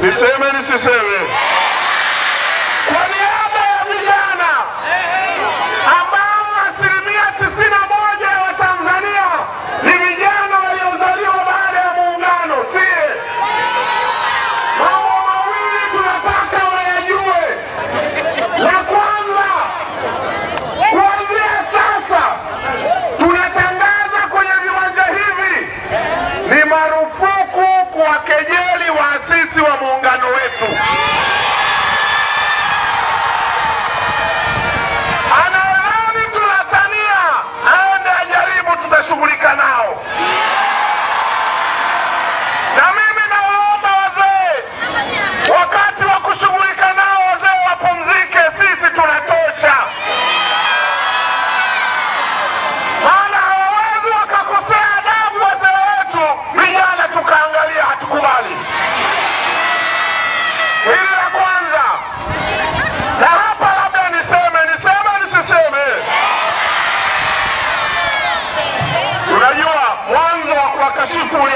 The same is the Merci beaucoup.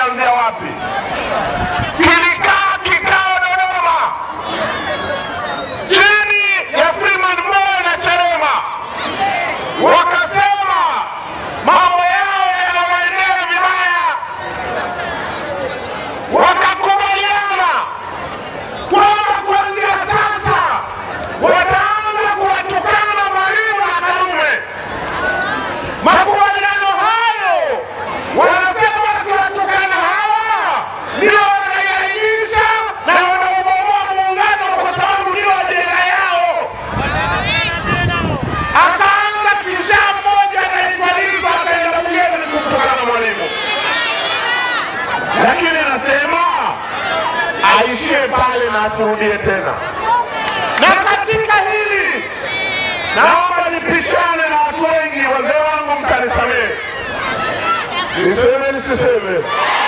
Niende pale na asirudie tena. Na katika hili naomba nipishane na watu wengi, wazee wangu mkanisamehe. Niseme nisiseme?